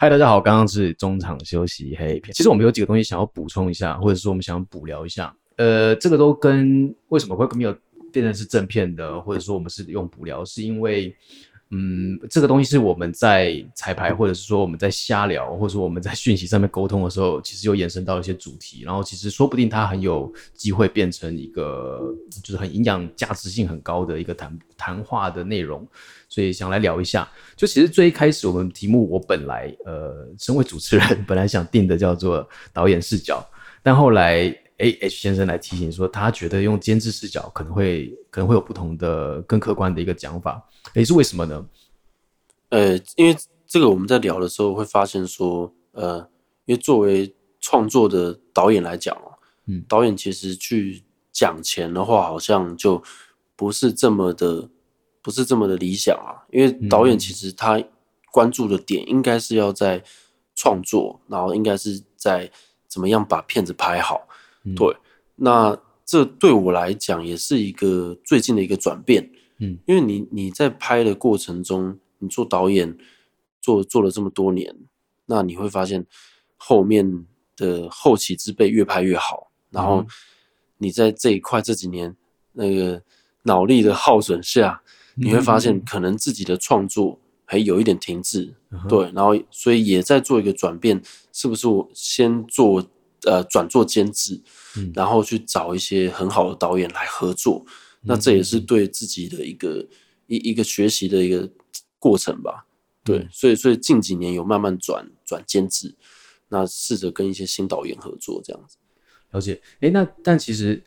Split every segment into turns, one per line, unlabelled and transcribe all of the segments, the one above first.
嗨，Hi, 大家好，剛剛是中場休息黑片。其實我們有幾個東西想要補充一下，或者說我們想要補聊一下。呃，這個都跟為什麼會沒有變成是正片的，或者說我們是用補聊，是因為。嗯，這個東西是我們在彩排，或者是說我們在瞎聊，或者說我們在訊息上面溝通的時候，其實又延伸到一些主題，然後其實說不定它很有機會變成一個，就是很營養價值性很高的一個談談話的內容，所以想來聊一下。就其實最一開始我們題目我本來呃，身為主持人本來想定的叫做導演視角，但後來。哎，H 先生來提醒說，他覺得用監製視角，可能會可能會有不同的、更客觀的一個講法。哎，是為什麼呢？
呃，因為這個我們在聊的時候會發現說，呃，因為作為創作的導演來講哦，嗯，導演其實去講錢的話，好像就不是這麼的，不是這麼的理想啊。因為導演其實他關注的點應該是要在創作，然後應該是在怎麼樣把片子拍好。對，那這對我來講也是一個最近的一個轉變，嗯，因為你你在拍的過程中，你做導演做做了這麼多年，那你會發現後面的後起之輩越拍越好，嗯、然後你在這一塊這幾年那個腦力的耗損下，你會發現可能自己的創作還有一點停滯，嗯、對，然後所以也在做一個轉變，是不是我先做？呃，轉做監製，嗯，然後去找一些很好的導演來合作，嗯、那這也是對自己的一個、嗯、一個一個學習的一個過程吧，嗯、對，所以所以近幾年有慢慢轉轉監製，那試着跟一些新導演合作這樣子。
了解。哎，那但其實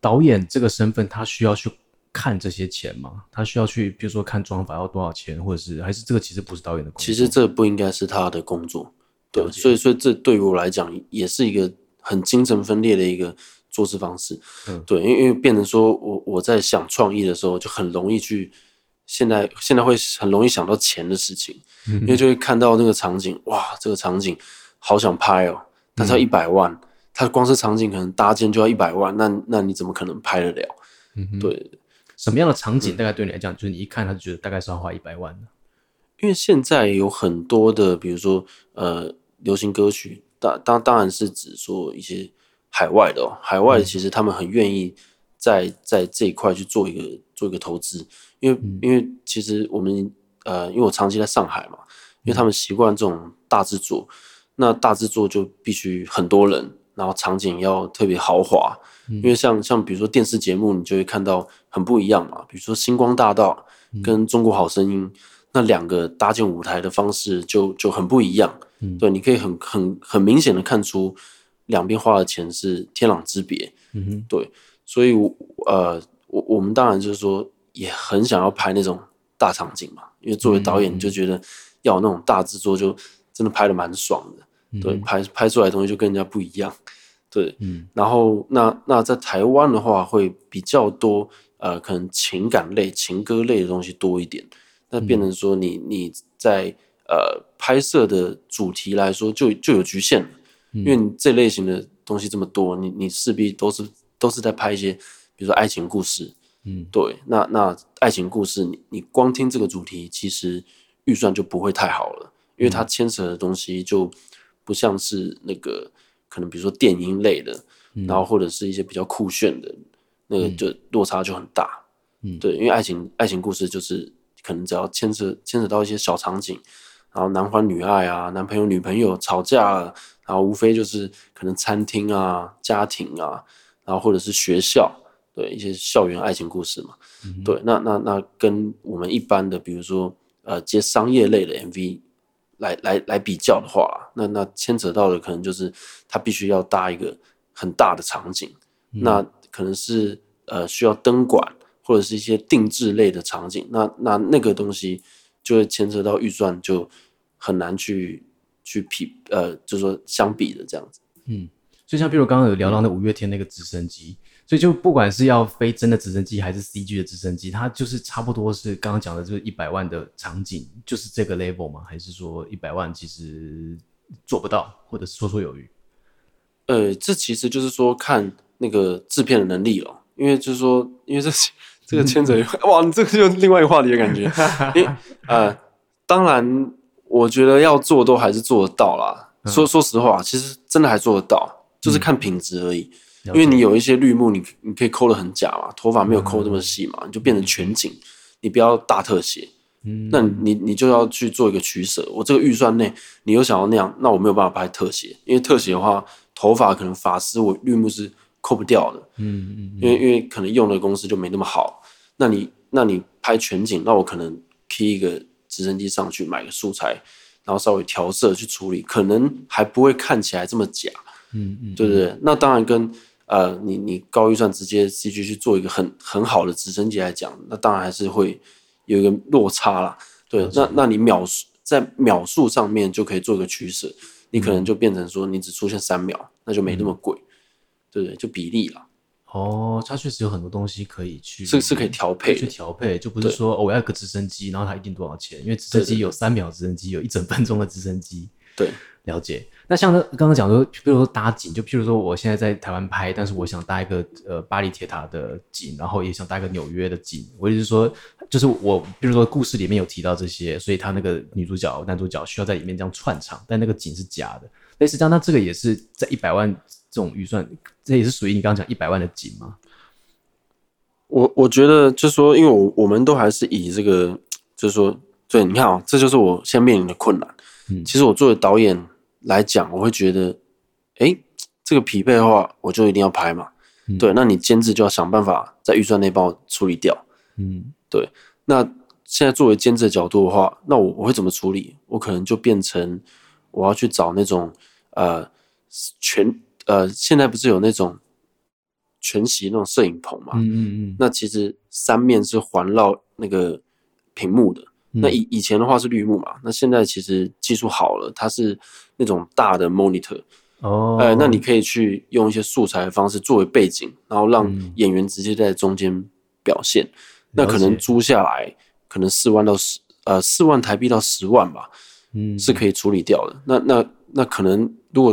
導演這個身份，他需要去看這些錢嗎？他需要去，比如說看妝髮要多少錢，或者是還是這個其實不是導演的工
作？其實這不應該是他的工作。對，所以所以這對於我來講也是一個很精神分裂的一個做事方式。嗯、對，因為因為變成說我我在想創意的時候就很容易去，現在現在會很容易想到錢的事情，嗯、哼因為就會看到那個場景，哇，這個場景好想拍哦、喔，但是要一百萬，嗯、它光是場景可能搭建就要一百萬，那那你怎麼可能拍得了？嗯、哼對，
什麼樣的場景大概對你來講、嗯、就是你一看他就覺得大概是要花一百萬，
因為現在有很多的，比如說呃。流行歌曲，當當當然是指說一些海外的哦，海外其實他們很願意在在這一塊去做一個做一個投資，因為因為其實我們呃，因為我長期在上海嘛，因為他們習慣這種大製作，那大製作就必須很多人，然後場景要特別豪華，因為像像比如說電視節目，你就會看到很不一樣嘛，比如說《星光大道》跟《中國好聲音》，那兩個搭建舞台的方式就就很不一樣。對，你可以很很很明顯的看出兩邊花的錢是天壤之別。嗯、哼對，所以，呃，我我們當然就是說，也很想要拍那種大場景嘛，因為作為導演你就覺得要有那種大制作，就真的拍的蠻爽的。嗯、哼對，拍拍出來的東西就跟人家不一樣。對，嗯、然後，那那在台灣的話，會比較多，呃，可能情感類、情歌類的東西多一點。那變成說你，你你在。嗯呃，拍攝的主題來說就，就就有局限了，嗯、因為你這類型的東西這麼多，你你勢必都是都是在拍一些，比如說愛情故事，嗯，對，那那愛情故事，你你光聽這個主題，其實預算就不會太好了，因為它牽扯的東西就不像是那個可能，比如說電影類的，嗯、然後或者是一些比較酷炫的，那個就落差就很大，嗯，對，因為愛情愛情故事就是可能只要牽扯牽扯到一些小場景。然後男歡女愛啊，男朋友女朋友吵架，啊，然後無非就是可能餐廳啊、家庭啊，然後或者是學校，對一些校園愛情故事嘛。嗯、哼對，那那那跟我們一般的，比如說呃接商業類的 MV，來來來比較的話，嗯、那那牽扯到的可能就是他必須要搭一個很大的場景，嗯、那可能是呃需要燈管或者是一些定制類的場景，那那那個東西就會牽扯到預算就。很難去
去匹呃，就是說相比的這樣子，嗯，所以像比如剛剛有聊到那五月天那個直升機，嗯、所以就不管是要飛真的直升機還是 C G 的直升機，它就是差不多是剛剛講的這個一百萬的場景，就是這個 level 嗎？還是說一百萬其實做不到，或者是綽綽有餘？
呃，這其實就是說看那個制片的能力了、哦，因為就是說，因為這這個牽扯，哇，這個就是、嗯、另外一，話一個話題的感覺，因為、 呃、當然。我覺得要做都還是做得到啦。嗯、說說實話，其實真的還做得到，就是看品質而已。嗯、因為你有一些綠幕你，你你可以摳得很假嘛，頭髮沒有摳這麼細嘛，嗯、你就變成全景。你不要大特寫，嗯、那你你就要去做一個取舍。嗯、我這個預算內，你又想要那樣，那我沒有辦法拍特寫，因為特寫的話，頭髮可能髮絲我綠幕是摳不掉的。嗯嗯。嗯嗯，因為因為可能用的公司就沒那麼好，那你那你拍全景，那我可能 key 一個。直升機上去買個素材，然後稍微調色去處理，可能還不會看起來這麼假，嗯嗯，對不對？嗯、那當然跟呃你你高預算直接 CG 去做一個很很好的直升機來講，那當然還是會有一個落差啦。嗯、對，那那你秒數在秒數上面就可以做一個取捨，嗯、你可能就變成說你只出現三秒，那就沒那麼貴，嗯、對不對？就比
例了。哦，它確實有很多東西可以去是是可以調配去調配，就不是說對、哦、我要一個直升機，然後它一定多少錢，因為直升機有三秒直升機，對對有一整分鐘的直升機。對，了解。那像那剛剛講的，比如說搭景，就譬如說我現在在台灣拍，但是我想搭一個呃巴黎鐵塔的景，然後也想搭一個紐約的景。我就是說，就是我比如說故事裡面有提到這些，所以他那個女主角、男主角需要在裡面這樣串場，但那個景是假的。但實際上，那這個也是在一百萬這種預算，這也是屬於你剛剛講一百萬的級嗎？
我我覺得就是說，因為我我們都還是以這個，就是說，對，你看啊，喔，這就是我現在面臨的困難。嗯、其實我作為導演來講，我會覺得，誒、欸，這個匹配的話，我就一定要拍嘛。嗯、對，那你監製就要想辦法在預算內幫我處理掉。嗯，對。那現在作為監製的角度的話，那我我會怎麼處理？我可能就變成我要去找那種。呃，全呃，現在不是有那種全息那種攝影棚嘛，嗯？嗯嗯，那其實三面是環繞那個屏幕的。嗯，那以以前的話是綠幕嘛？那現在其實技術好了，它是那種大的 monitor。哦。哎、呃，那你可以去用一些素材的方式作為背景，然後讓演員直接在中間表現。嗯，那可能租下來了解。可能四萬到十呃四萬台幣到十萬吧。嗯，是可以處理掉的。那、嗯、那。那那可能，如果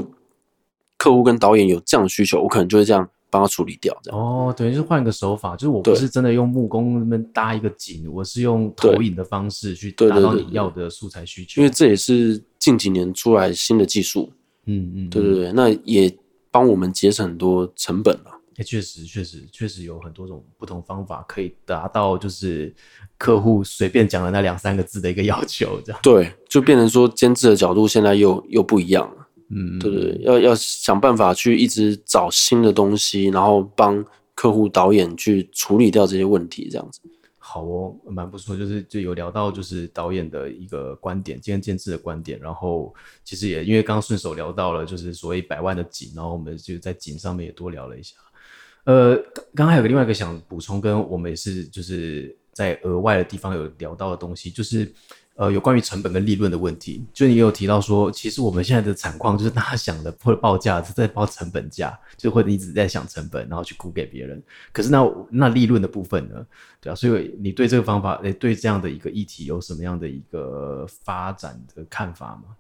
客戶跟導演有這樣的需求，我可能就會這樣幫他處理掉
這樣。哦，等於是換個手法，就是我不是真的用木工那邊搭一個景，對我是用投影的方式去達到你要的素材需求。對
對對對，因為這也是近幾年出來新的技術，嗯，嗯嗯，對對對，那也幫我們節省很多成本了。
確實，確實，確實有很多種不同方法可以達到，就是客戶隨便講的那兩三個字的一個要求，這樣對，
就變成說監製的角度現在又又不一樣了，嗯，對不對，對？要要想辦法去一直找新的東西，然後幫客戶導演去處理掉這些問題，這樣子。
好哦，蠻不錯，就是就有聊到就是導演的一個觀點，今天監製的觀點，然後其實也因為剛剛順手聊到了就是所謂百萬的景，然後我們就在景上面也多聊了一下。呃，剛剛還有個另外一個想補充，跟我們也是就是在額外的地方有聊到的東西，就是呃有關於成本跟利潤的問題。就你有提到說，其實我們現在的慘況就是大家想的會報價是在報成本價，就會一直在想成本，然後去估給別人。可是那那利潤的部分呢？對啊，所以你對這個方法誒，對這樣的一個議題有什麼樣的一個發展的看法嗎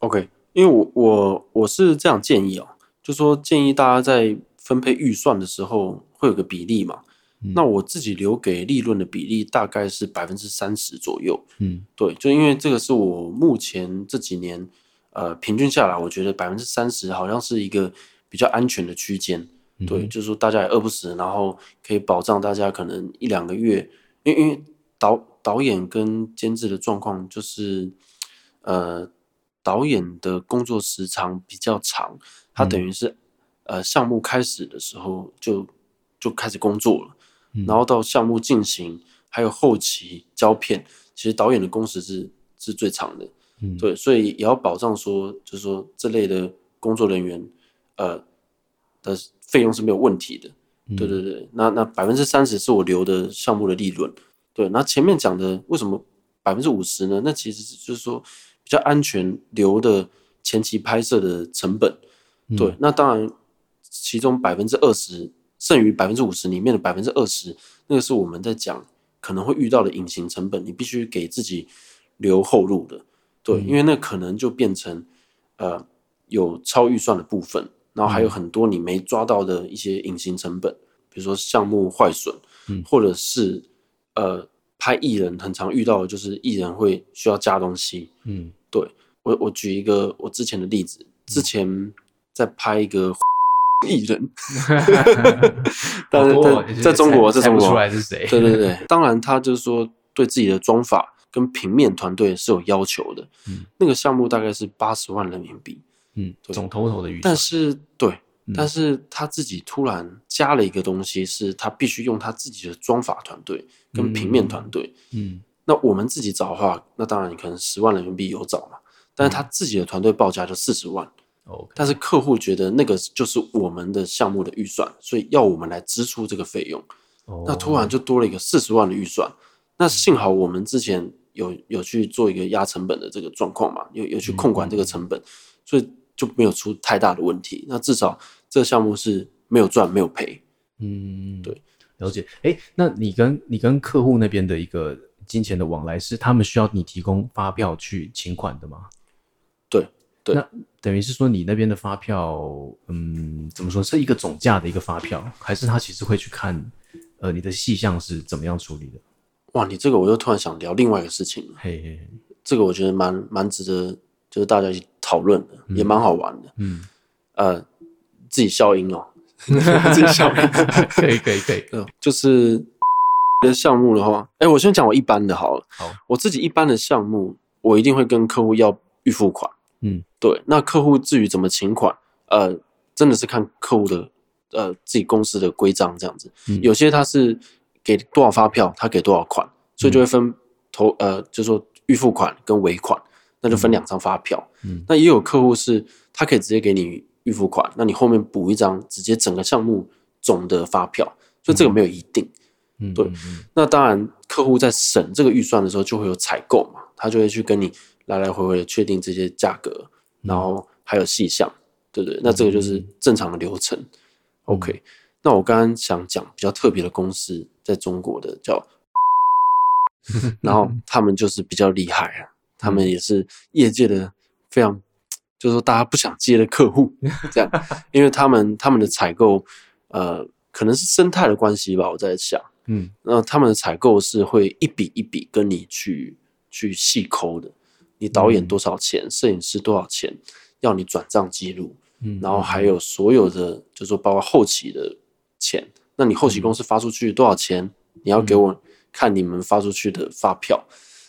？OK，因為我我我是這樣建議哦，就說建議大家在。分配預算的時候會有個比例嘛，嗯、那我自己留給利潤的比例大概是百分之三十左右。嗯，對，就因為這個是我目前這幾年，呃，平均下來，我覺得百分之三十好像是一個比較安全的區間。嗯、哼對，就是說大家也餓不死，然後可以保障大家可能一兩個月。因為導導演跟監制的狀況就是，呃，導演的工作時長比較長，他、嗯、等於是。呃，項目開始的時候就就開始工作了，嗯、然後到項目進行，還有後期交片，其實導演的工時是是最長的，嗯、對，所以也要保障說，就是說這類的工作人員，呃，的費用是沒有問題的，嗯、對對對。那那百分之三十是我留的項目的利潤，對。那前面講的為什麼百分之五十呢？那其實就是說比較安全留的前期拍攝的成本，嗯、對。那當然。其中百分之二十，剩餘百分之五十裡面的百分之二十，那個是我們在講可能會遇到的隱形成本，你必須給自己留後路的，對，嗯、因為那可能就變成呃有超預算的部分，然後還有很多你沒抓到的一些隱形成本，比如說項目壞損，嗯、或者是呃拍藝人很常遇到的就是藝人會需要加東西，嗯，對，對我我舉一個我之前的例子，之前在拍一個。藝藝人，哈哈哈哈哈！但是在中國，在中國，猜不出來是誰。對對對，當然，他就是說對自己的妝髮跟平面團隊是有要求的。嗯，那個項目大概是八十萬人民幣。嗯，對總頭頭的預算。但是，對，嗯、但是他自己突然加了一個東西，是他必須用他自己的妝髮團隊跟平面團隊。嗯。嗯，那我們自己找的話，那當然你可能十萬人民幣有找嘛。但是他自己的團隊報價就四十萬。Okay. 但是客戶覺得那個就是我們的項目的預算，所以要我們來支出這個費用。Oh, okay. 那突然就多了一個四十萬的預算。那幸好我們之前有有去做一個壓成本的這個狀況嘛，有有去控管這個成本，嗯、所以就沒有出太大的問題。嗯、那至少這個項目是沒有賺沒有
賠。嗯，對，了解。哎，那你跟你跟客戶那邊的一個金錢的往來，是他們需要你提供發票去請款的嗎？對。對，那等於是說你那邊的發票，嗯，怎麼說？是一個總價的一個發票，還是他其實會去看呃你的細項是怎麼樣處理的？
哇，你這個我又突然想聊另外一個事情
了。嘿，嘿嘿，
這個我覺得蠻蠻值得，就是大家一起討論的，嗯、也蠻好玩的。嗯，呃，自己消音哦， 自
己消 音， 可
以可以可以。嗯，就是，哦、的項目的話，哎、欸，我先講我一般的好了，好，我自己一般的項目，我一定會跟客戶要預付款。嗯，對，那客戶至於怎麼請款，呃，真的是看客戶的，呃，自己公司的規章這樣子。嗯，有些他是給多少發票，他給多少款，所以就會分投，嗯、呃，就是，說預付款跟尾款，那就分兩張發票。嗯，嗯，那也有客戶是，他可以直接給你預付款，那你後面補一張直接整個項目總的發票，所以這個沒有一定。嗯，對，嗯嗯嗯，那當然客戶在審這個預算的時候，就會有採購嘛，他就會去跟你。來來回回確定這些價格，然後還有細項，對不對？那這個就是正常的流程。嗯嗯、OK，那我剛剛想講比較特別的公司，在中國的叫、嗯，然後他們就是比較厲害啊，他們也是業界的非常，就是說大家不想接的客戶，這樣，因為他們他們的採購，呃，可能是生態的關係吧，我在想，嗯，那他們的採購是會一筆一筆跟你去去細摳的。你導演多少錢？嗯、攝影師多少錢？要你轉賬記錄，嗯、然後還有所有的，嗯、就說包括後期的錢，嗯、那你後期公司發出去多少錢？嗯、你要給我看你們發出去的發票，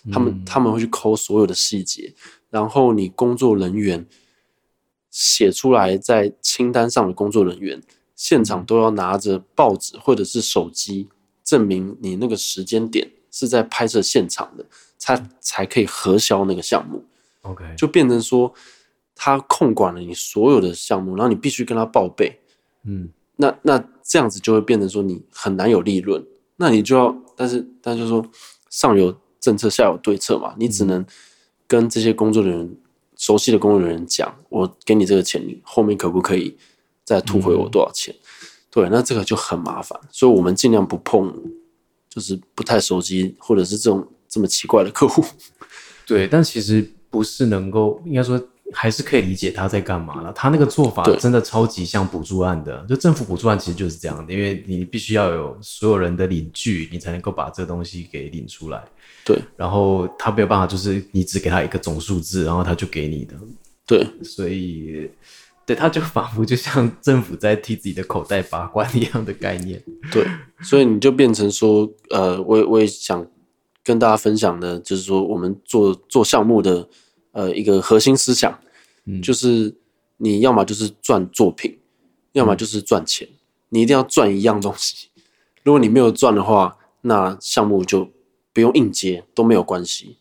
嗯、他們他們會去摳所有的細節。然後你工作人員寫出來在清單上的工作人員，現場都要拿着報紙或者是手機，證明你那個時間點是在拍攝現場的。他才，才可以核銷那個項目，OK，就變成說他控管了你所有的項目，然後你必須跟他報備，嗯，那那這樣子就會變成說你很難有利潤，那你就要，但是但是，就是說上有政策，下有對策嘛，嗯、你只能跟這些工作人員、熟悉的工作的人員講，我給你這個錢，你後面可不可以再吐回我多少錢？嗯、對，那這個就很麻煩，所以我們盡量不碰，就是不太熟悉或者是這種。
這麼奇怪的客戶， 對，但其實不是能夠，應該說還是可以理解他在幹嘛了。他那個做法真的超級像補助案的，對就政府補助案其實就是這樣的，因為你必須要有所有人的領據，你才能夠把這個東西給領出來。對，然後他沒有辦法，就是你只給他一個總數字，然後他就給你的。對，所以對他就仿佛就像政府在替自己的口袋把關一樣的概念。
對，所以你就變成說，呃，我我也想。跟大家分享的，就是說我們做做項目的，呃，一個核心思想，嗯、就是你要麼就是賺作品，嗯、要麼就是賺錢，你一定要賺一樣東西。如果你沒有賺的話，那項目就不用硬接都沒有關係。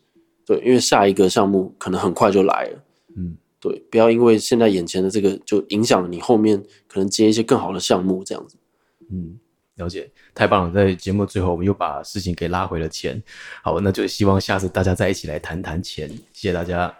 對，因為下一個項目可能很快就來了。嗯，對，不要因為現在眼前的這個就影響你後面可能接一些更好的項目這樣子。嗯。
了解，太棒了！在節目最後，我們又把事情給拉回了錢。好，那就希望下次大家再一起來談談錢。謝謝大家。